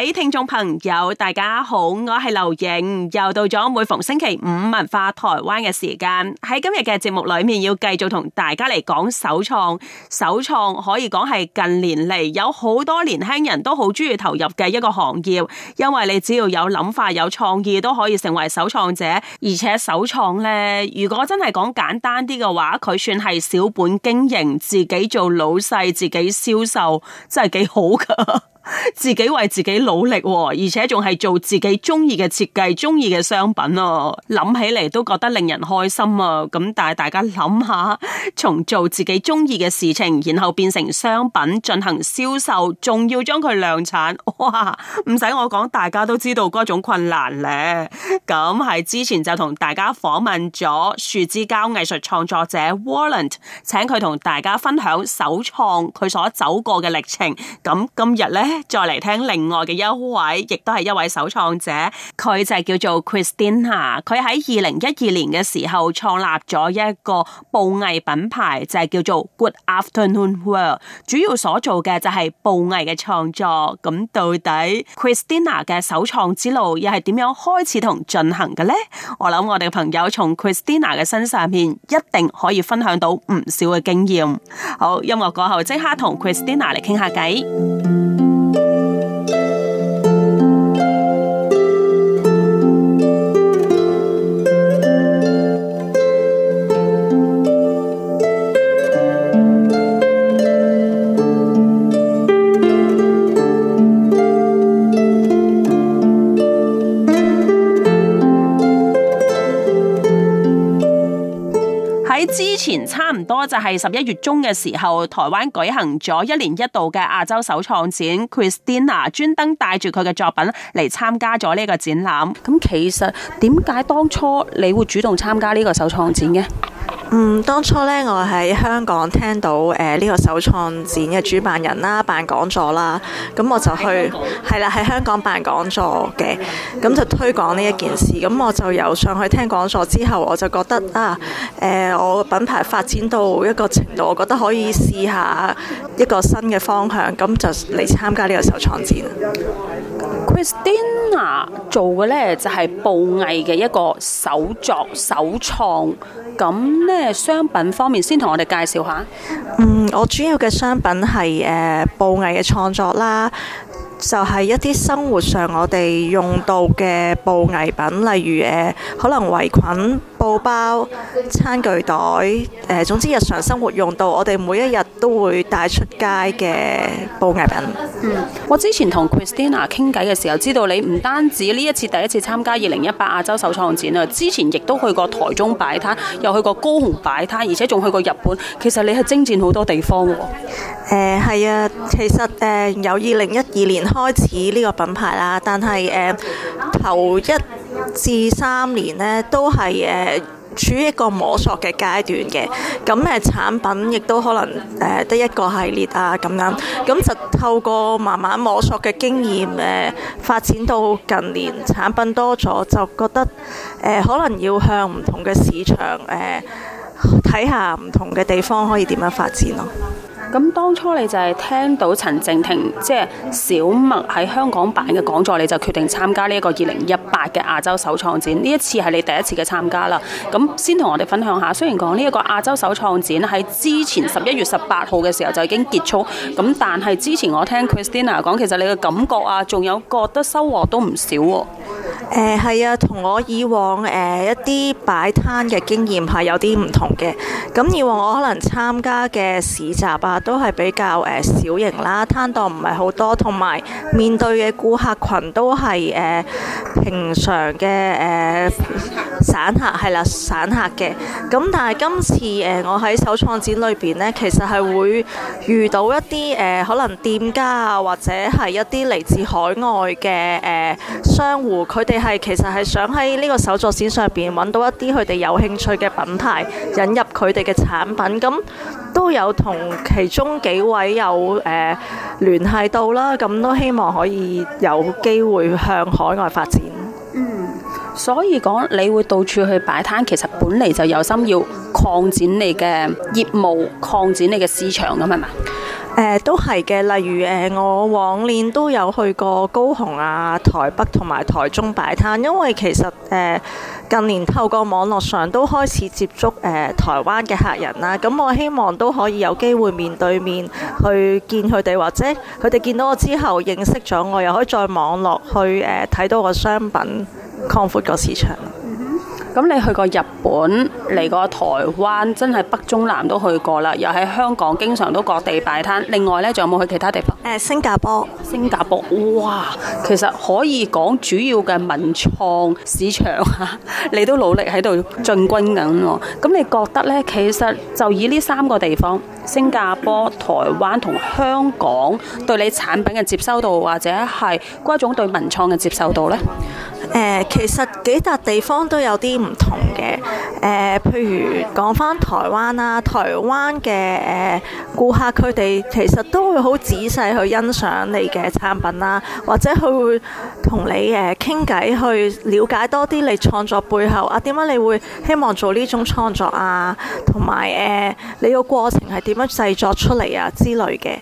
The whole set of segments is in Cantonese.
位聽眾朋友，大家好，我係劉瑩，又到咗每逢星期五文化台灣嘅時間。喺今日嘅節目裏面，要繼續同大家嚟講手創。手創可以講係近年嚟有好多年輕人都好中意投入嘅一個行業，因為你只要有諗法、有創意，都可以成為手創者。而且手創咧，如果真係講簡單啲嘅話，佢算係小本經營，自己做老細，自己銷售，真係幾好噶。自己為自己努力，而且仲係做自己中意嘅設計、中意嘅商品喎。諗起嚟都覺得令人開心啊！咁但係大家諗下，從做自己中意嘅事情，然後變成商品進行銷售，仲要將佢量產，哇！唔使我講，大家都知道嗰種困難呢。咁係之前就同大家訪問咗樹脂膠藝術創作者 Warlant 請佢同大家分享首創佢所走過嘅歷程。咁今日呢。再嚟聽,聽另外嘅一位，亦都係一位首創者，佢就係叫做 Christina 佢喺二零一二年嘅時候創立咗一個布藝品牌，就係叫做 Good Afternoon Work 主要所做嘅就係布藝嘅創作。咁到底 Christina 嘅首創之路又係點樣開始同進行嘅呢？我諗我哋嘅朋友從 Christina 嘅身上面一定可以分享到唔少嘅經驗。好，音樂過後即刻同 Christina 嚟傾下偈。前差唔多就係十一月中嘅時候，台灣舉行咗一年一度嘅亞洲首創展 c h r i s t i n a 專登帶住佢嘅作品嚟參加咗呢個展覽。咁其實點解當初你會主動參加呢個首創展嘅？嗯，當初呢，我喺香港聽到誒呢、呃呢個首創展嘅主辦人啦，辦講座啦，咁我就去係啦，喺香，香港辦講座嘅，咁就推廣呢一件事。咁我就由上去聽講座之後，我就覺得啊、呃，我品牌發展到一個程度，我覺得可以試下一個新嘅方向，咁就嚟參加呢個首創展。Christina 做嘅呢就係、是、布藝嘅一個手作、手創，咁呢，商品方面先同我哋介紹下。嗯，我主要嘅商品係誒、呃、布藝嘅創作啦。就係一啲生活上我哋用到嘅布藝品，例如誒、呃、可能圍裙、布包、餐具袋，誒、呃、總之日常生活用到，我哋每一日都會帶出街嘅布藝品。嗯，我之前同 Christina 傾偈嘅時候，知道你唔單止呢一次第一次參加二零一八亞洲手創展啊，之前亦都去過台中擺攤又去過高雄擺攤，而且仲去過日本。其實你係征戰好多地方喎。誒係啊，其實誒、呃、有二零一二年。開始呢個品牌啦，但係誒、呃、頭一至三年呢都係誒處於一個摸索嘅階段嘅，咁誒、呃、產品亦都可能誒得、呃、一個系列啊咁樣，咁就透過慢慢摸索嘅經驗誒、呃、發展到近年產品多咗，就覺得誒、呃、可能要向唔同嘅市場，誒睇下唔同嘅地方可以點樣發展咯。咁當初你就係聽到陳靜婷，即係小麥喺香港版嘅講座，你就決定參加呢一個二零一八嘅亞洲首創展。呢一次係你第一次嘅參加啦。咁先同我哋分享下，雖然講呢一個亞洲首創展喺之前十一月十八號嘅時候就已經結束，咁但係之前我聽 Christina 講，其實你嘅感覺啊，仲有覺得收穫都唔少喎。誒，係、呃、啊，同我以往誒、呃、一啲擺攤嘅經驗係有啲唔同嘅。咁以往我可能參加嘅市集啊，都係比較誒、呃、小型啦，攤檔唔係好多，同埋面對嘅顧客群都係誒、呃、平常嘅誒散客，係啦、啊，散客嘅。咁但係今次誒我喺手創展裏邊咧，其實係會遇到一啲誒、呃、可能店家啊，或者係一啲嚟自海外嘅誒、呃、商戶，佢哋。係其實係想喺呢個手作線上邊揾到一啲佢哋有興趣嘅品牌，引入佢哋嘅產品，咁都有同其中幾位有誒聯繫到啦。咁都希望可以有機會向海外發展。嗯，所以講你會到處去擺攤，其實本嚟就有心要擴展你嘅業務，擴展你嘅市場咁係嘛？是呃、都係嘅。例如，誒、呃，我往年都有去過高雄啊、台北同埋台中擺攤，因為其實誒、呃，近年透過網絡上都開始接觸誒、呃、台灣嘅客人啦。咁、啊、我希望都可以有機會面對面去見佢哋，或者佢哋見到我之後認識咗，我又可以在網絡去誒睇、呃、到個商品，擴闊個市場。咁你去過日本，嚟過台灣，真係北中南都去過啦，又喺香港經常都各地擺攤。另外呢，仲有冇去其他地方？新加坡。新加坡，哇，其實可以講主要嘅文創市場 你都努力喺度進軍緊喎。咁你覺得呢？其實就以呢三個地方，新加坡、台灣同香港，對你產品嘅接收度，或者係嗰種對文創嘅接受度呢？誒、呃，其實幾笪地方都有啲唔同嘅。誒、呃，譬如講返台灣啦，台灣嘅誒顧客佢哋其實都會好仔細去欣賞你嘅產品啦，或者佢會同你誒傾偈，去了解多啲你創作背後啊，點解你會希望做呢種創作啊，同埋誒你個過程係點樣製作出嚟啊之類嘅。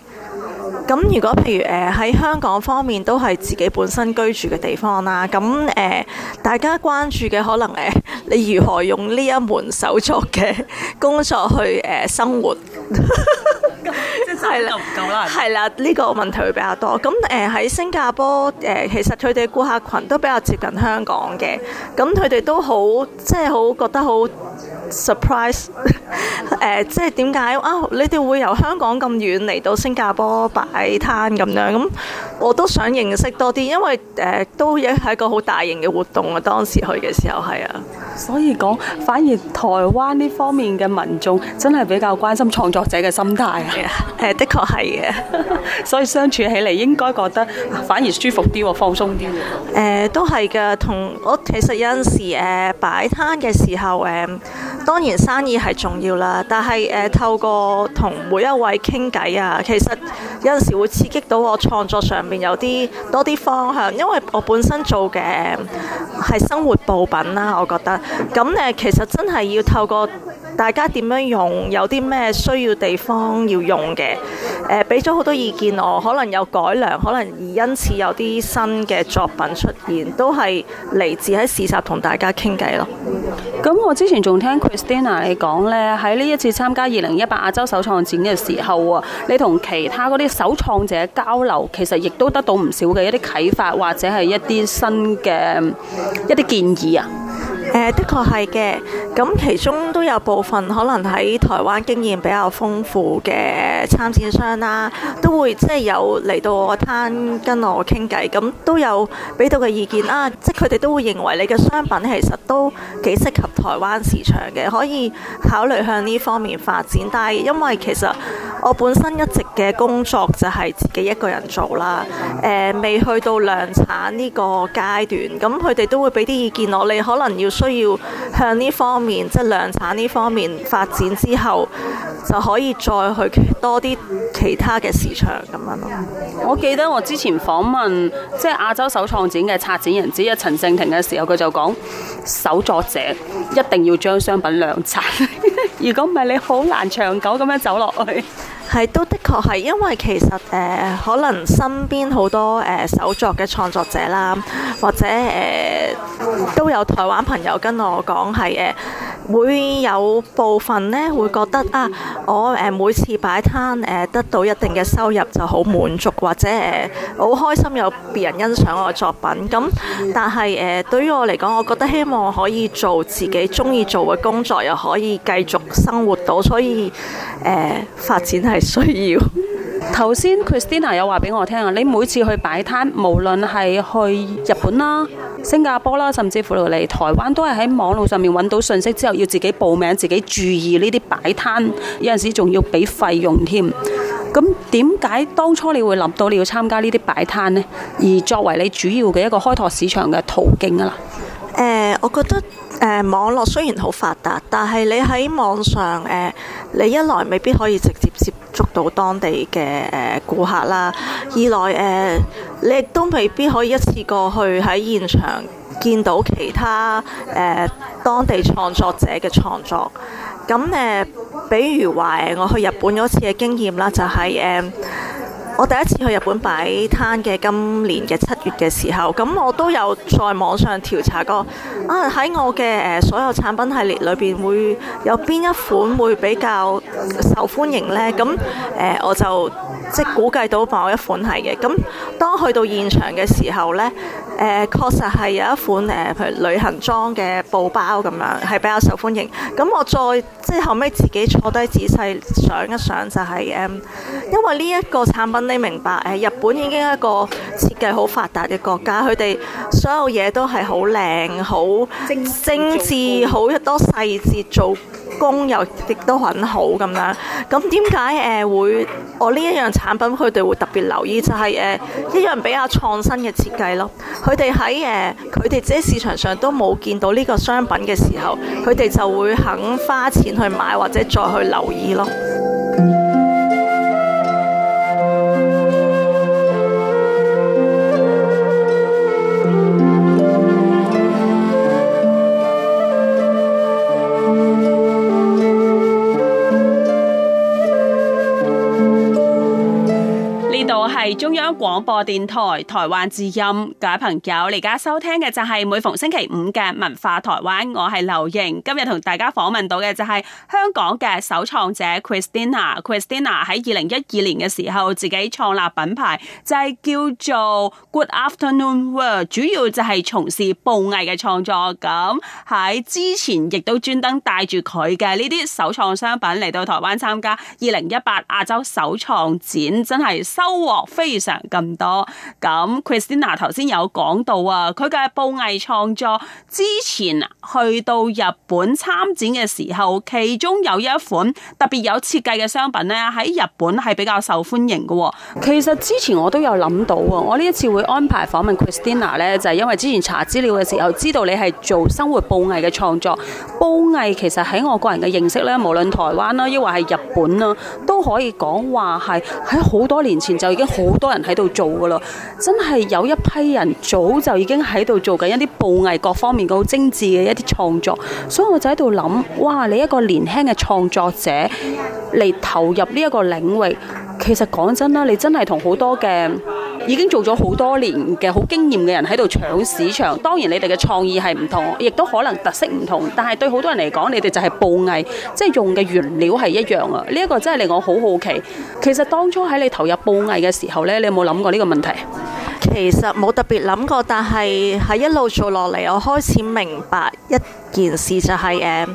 咁如果譬如誒喺、呃、香港方面都係自己本身居住嘅地方啦，咁、呃、大家關注嘅可能誒、呃，你如何用呢一門手作嘅工作去、呃、生活？係 啦，唔夠啦，係啦，呢個問題會比較多。咁喺、呃、新加坡誒、呃，其實佢哋顧客群都比較接近香港嘅，咁佢哋都好即係好覺得好。Surprise 誒、 呃，即係點解啊？你哋會由香港咁遠嚟到新加坡擺攤咁樣咁，我都想認識多啲，因為誒、呃、都係一個好大型嘅活動啊。當時去嘅時候係啊，所以講反而台灣呢方面嘅民眾真係比較關心創作者嘅心態啊。誒，yeah，的確係嘅， 所以相處起嚟應該覺得反而舒服啲，放鬆啲。誒、呃，都係嘅。同我其實有陣時誒擺攤嘅時候誒。呃當然生意係重要啦，但係、呃、透過同每一位傾偈啊，其實有陣時會刺激到我創作上面有啲多啲方向，因為我本身做嘅係生活布品啦，我覺得咁誒、呃，其實真係要透過。大家點樣用？有啲咩需要地方要用嘅？誒、呃，俾咗好多意見我，可能有改良，可能而因此有啲新嘅作品出現，都係嚟自喺市集同大家傾偈咯。咁我之前仲聽 Christina 你講呢，喺呢一次參加二零一八亞洲首創展嘅時候，你同其他嗰啲首創者交流，其實亦都得到唔少嘅一啲啟發，或者係一啲新嘅一啲建議啊。呃、的確係嘅。咁其中都有部分可能喺台灣經驗比較豐富嘅參展商啦、啊，都會即係有嚟到我攤跟我傾偈，咁都有俾到嘅意見啦、啊。即係佢哋都會認為你嘅商品其實都幾適合台灣市場嘅，可以考慮向呢方面發展。但係因為其實我本身一直嘅工作就係自己一個人做啦，誒、呃、未去到量產呢個階段，咁佢哋都會俾啲意見我，你可能要需。需要向呢方面即係量產呢方面發展之後，就可以再去多啲其他嘅市場。咁樣咯。我記得我之前訪問即係亞洲首創展嘅策展人之一陳正廷嘅時候，佢就講，手作者一定要將商品量產。如果唔係，你好難長久咁樣走落去。係都。確係，因為其實誒、呃、可能身邊好多誒、呃、手作嘅創作者啦，或者誒、呃、都有台灣朋友跟我講，係、呃、誒。會有部分呢，會覺得啊，我、呃、每次擺攤、呃、得到一定嘅收入就好滿足，或者好、呃、開心有別人欣賞我嘅作品。咁但係誒、呃、對於我嚟講，我覺得希望可以做自己中意做嘅工作，又可以繼續生活到，所以誒、呃、發展係需要。頭先 Christina 有話俾我聽啊，你每次去擺攤，無論係去日本啦。新加坡啦，甚至乎嚟台灣都係喺網絡上面揾到信息，之後要自己報名，自己注意呢啲擺攤有陣時仲要俾費用添。咁點解當初你會諗到你要參加呢啲擺攤呢？而作為你主要嘅一個開拓市場嘅途徑啊？啦、呃，我覺得、呃、網絡雖然好發達，但係你喺網上、呃、你一來未必可以直接接觸到當地嘅呃、顧客啦，二來誒。呃你亦都未必可以一次過去喺現場見到其他當、呃、當地創作者嘅創作。咁、呃、比如話我去日本嗰次嘅經驗啦、就係，就、呃、係我第一次去日本擺攤嘅今年嘅七月嘅時候，咁我都有在網上調查過，啊喺我嘅所有產品系列裏面，會有邊一款會比較受歡迎呢？咁、呃、我就即估計到某一款係嘅。咁當去到現場嘅時候呢，誒、呃、確實係有一款誒、呃，譬如旅行裝嘅布包咁樣，係比較受歡迎。咁我再即係後尾自己坐低仔細想一想，就是，就係誒，因為呢一個產品你明白誒、呃，日本已經係一個設計好發達嘅國家，佢哋所有嘢都係好靚、好精緻、好多細節做。工又亦都很好咁樣，咁點解誒會我呢一樣產品佢哋會特別留意，就係誒一樣比較創新嘅設計咯。佢哋喺誒佢哋自己市場上都冇見到呢個商品嘅時候，佢哋就會肯花錢去買或者再去留意咯。係中央廣播電台台灣之音，各位朋友，而家收聽嘅就係每逢星期五嘅文化台灣。我係劉瑩，今日同大家訪問到嘅就係香港嘅首創者 Christina。Christina 喺二零一二年嘅時候自己創立品牌，就係叫做 Good Afternoon World，主要就係從事布藝嘅創作。咁喺之前亦都專登帶住佢嘅呢啲首創商品嚟到台灣參加二零一八亞洲首創展，真係收穫。非常咁多，咁 Christina 頭先有講到啊，佢嘅布藝創作之前去到日本參展嘅時候，其中有一款特別有設計嘅商品咧，喺日本係比較受歡迎嘅。其實之前我都有諗到啊，我呢一次會安排訪問 Christina 咧，就係因為之前查資料嘅時候知道你係做生活布藝嘅創作，布藝其實喺我個人嘅認識咧，無論台灣啦，抑或係日本啦，都可以講話係喺好多年前就已經好。好多人喺度做噶咯，真係有一批人早就已經喺度做緊一啲布藝各方面好精致嘅一啲創作，所以我就喺度諗，哇！你一個年輕嘅創作者嚟投入呢一個領域，其實講真啦，你真係同好多嘅。已經做咗好多年嘅好經驗嘅人喺度搶市場，當然你哋嘅創意係唔同，亦都可能特色唔同，但係對好多人嚟講，你哋就係布藝，即係用嘅原料係一樣啊！呢一個真係令我好好奇。其實當初喺你投入布藝嘅時候呢，你有冇諗過呢個問題？其實冇特別諗過，但係喺一路做落嚟，我開始明白一件事，就係誒。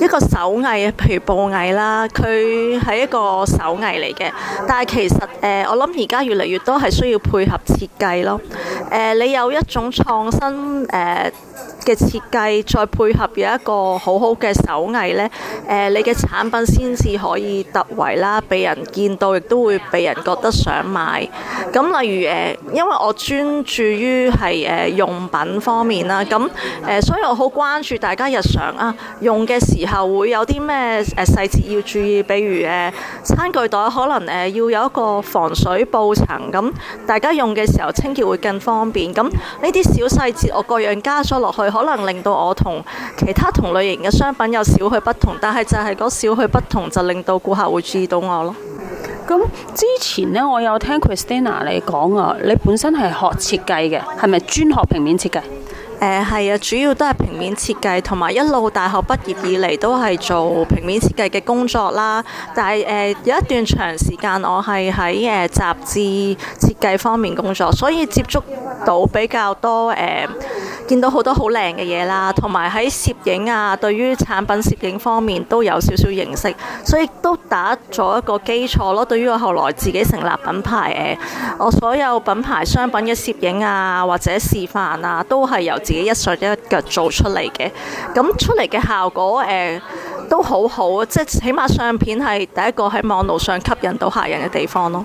一個手藝，譬如布藝啦，佢係一個手藝嚟嘅。但係其實誒、呃，我諗而家越嚟越多係需要配合設計咯。誒、呃，你有一種創新誒呃嘅設計再配合有一個好好嘅手藝咧，誒、呃、你嘅產品先至可以突圍啦，被人見到亦都會被人覺得想買，咁例如誒、呃、因為我專注於係誒用品方面啦，咁、呃、誒所以我好關注大家日常啊用嘅時候會有啲咩誒細節要注意，比如誒、呃、餐具袋可能誒、呃、要有一個防水布層，咁、呃、大家用嘅時候清潔會更方便。咁呢啲小細節我各樣加咗落去。可能令到我同其他同類型嘅商品有少許不同，但係就係嗰少許不同就令到顧客會注意到我咯。咁之前呢，我有聽 Christina 你講啊，你本身係學設計嘅，係咪專學平面設計？誒係、呃、啊，主要都係平面設計，同埋一路大學畢業以嚟都係做平面設計嘅工作啦。但係、呃、有一段長時間我係喺誒雜誌設計方面工作，所以接觸到比較多誒。呃見到好多好靚嘅嘢啦，同埋喺攝影啊，對於產品攝影方面都有少少認識，所以都打咗一個基礎咯。對於我後來自己成立品牌誒，我所有品牌商品嘅攝影啊，或者示範啊，都係由自己一手一腳做出嚟嘅。咁出嚟嘅效果誒、呃、都好好，即係起碼相片係第一個喺網路上吸引到客人嘅地方咯。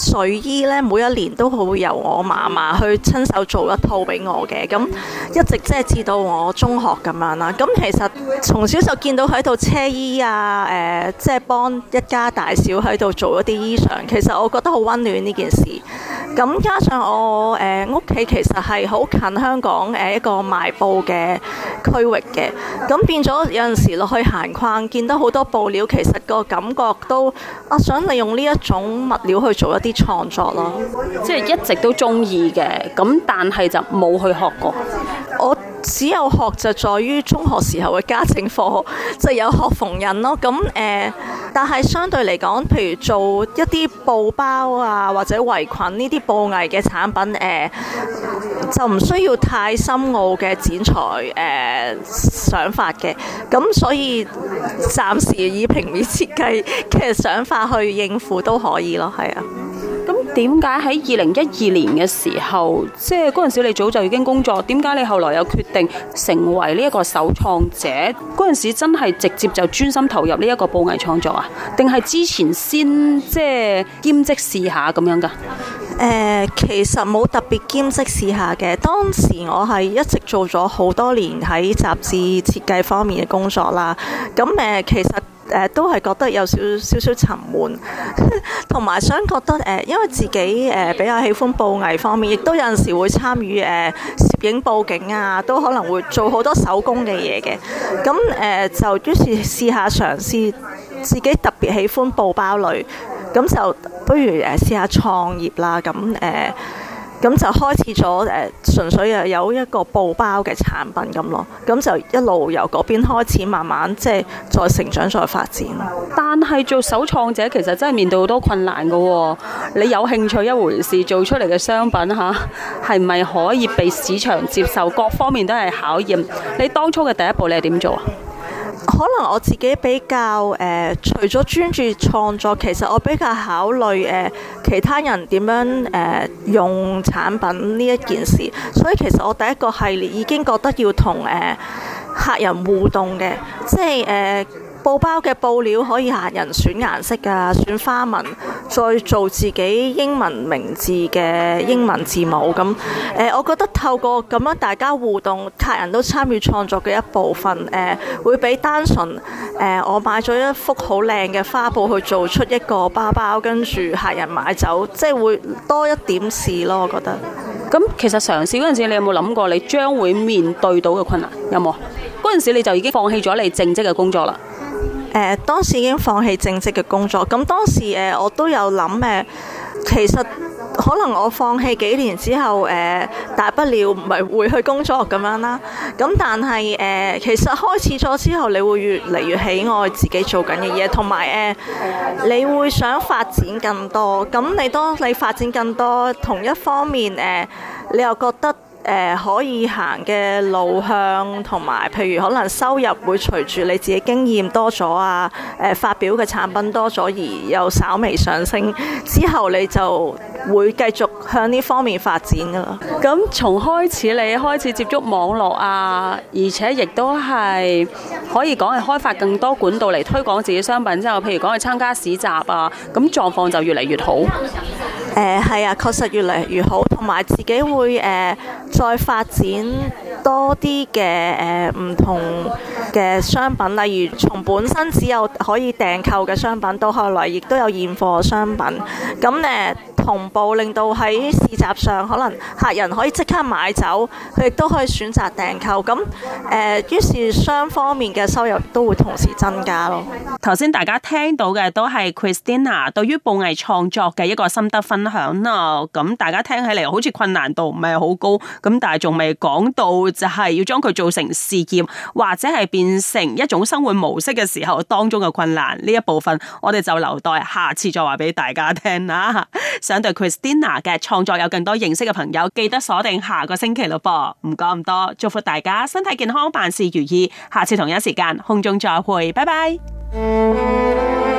睡衣咧，每一年都會由我嫲嫲去親手做一套俾我嘅，咁一直即係至到我中學咁樣啦。咁其實從小就見到喺度車衣啊，誒即係幫一家大小喺度做一啲衣裳。其實我覺得好温暖呢件事。咁加上我誒屋企其實係好近香港誒、呃、一個賣布嘅區域嘅，咁變咗有陣時落去閒逛，見到好多布料，其實個感覺都啊想利用呢一種物料去做一啲。啲創作咯，即係一直都中意嘅，咁但係就冇去學過。我只有學就，在於中學時候嘅家政課，就有學縫紉咯。咁誒、呃，但係相對嚟講，譬如做一啲布包啊或者圍裙呢啲布藝嘅產品，誒、呃、就唔需要太深奧嘅剪裁誒、呃、想法嘅。咁所以暫時以平面設計嘅想法去應付都可以咯，係啊。點解喺二零一二年嘅時候，即係嗰陣時你早就已經工作？點解你後來又決定成為呢一個首創者？嗰陣時真係直接就專心投入呢一個布藝創作啊？定係之前先即係兼職試下咁樣㗎？誒、呃，其實冇特別兼職試下嘅。當時我係一直做咗好多年喺雜誌設計方面嘅工作啦。咁誒、呃，其實。呃、都係覺得有少少少沉悶，同 埋想覺得誒、呃，因為自己誒、呃、比較喜歡布藝方面，亦都有陣時會參與誒、呃、攝影佈景啊，都可能會做好多手工嘅嘢嘅。咁誒、呃、就於是試下嘗試自己特別喜歡布包類，咁就不如誒試下創業啦。咁誒。呃咁就開始咗誒、呃，純粹誒有一個布包嘅產品咁咯。咁就一路由嗰邊開始，慢慢即係、就是、再成長，再發展。但係做首創者，其實真係面對好多困難嘅、哦。你有興趣一回事，做出嚟嘅商品吓，係、啊、咪可以被市場接受？各方面都係考驗。你當初嘅第一步你是，你係點做啊？可能我自己比較誒、呃，除咗專注創作，其實我比較考慮誒、呃、其他人點樣誒、呃、用產品呢一件事。所以其實我第一個系列已經覺得要同、呃、客人互動嘅，即係誒布包嘅布料可以客人選顏色㗎，選花紋。再做自己英文名字嘅英文字母咁，誒、呃、我覺得透過咁樣大家互動，客人都參與創作嘅一部分，誒、呃、會比單純誒、呃、我買咗一幅好靚嘅花布去做出一個包包，跟住客人買走，即係會多一點事咯，我覺得。咁其實嘗試嗰陣時，你有冇諗過你將會面對到嘅困難？有冇？嗰陣時你就已經放棄咗你正職嘅工作啦。誒當時已經放棄正職嘅工作，咁當時我都有諗，其實可能我放棄幾年之後、呃、大不了唔係回去工作咁樣啦。咁但係、呃、其實開始咗之後，你會越嚟越喜愛自己做緊嘅嘢，同埋、呃、你會想發展更多。咁你當你發展更多，同一方面、呃、你又覺得。誒、呃、可以行嘅路向，同埋譬如可能收入會隨住你自己經驗多咗啊，誒、呃、發表嘅產品多咗而又稍微上升，之後，你就會繼續向呢方面發展㗎啦。咁從開始你開始接觸網絡啊，而且亦都係可以講係開發更多管道嚟推廣自己的商品之後，譬如講去參加市集啊，咁狀況就越嚟越好。係、呃、啊，確實越嚟越好，同埋自己會。誒、呃。再發展。多啲嘅，誒唔同嘅商品，例如從本身只有可以訂購嘅商品，到後來亦都有現貨商品，咁、呃、誒同步令到喺市集上，可能客人可以即刻買走，佢亦都可以選擇訂購，咁誒於是雙方面嘅收入都會同時增加咯。頭先大家聽到嘅都係 Christina 對於布藝創作嘅一個心得分享啦，咁大家聽起嚟好似困難度唔係好高，咁但係仲未講到。就係要將佢做成事業，或者係變成一種生活模式嘅時候當中嘅困難呢一部分，我哋就留待下次再話俾大家聽啦。想對 Christina 嘅創作有更多認識嘅朋友，記得鎖定下個星期六噃。唔講咁多，祝福大家身體健康，萬事如意。下次同一時間空中再會，拜拜。嗯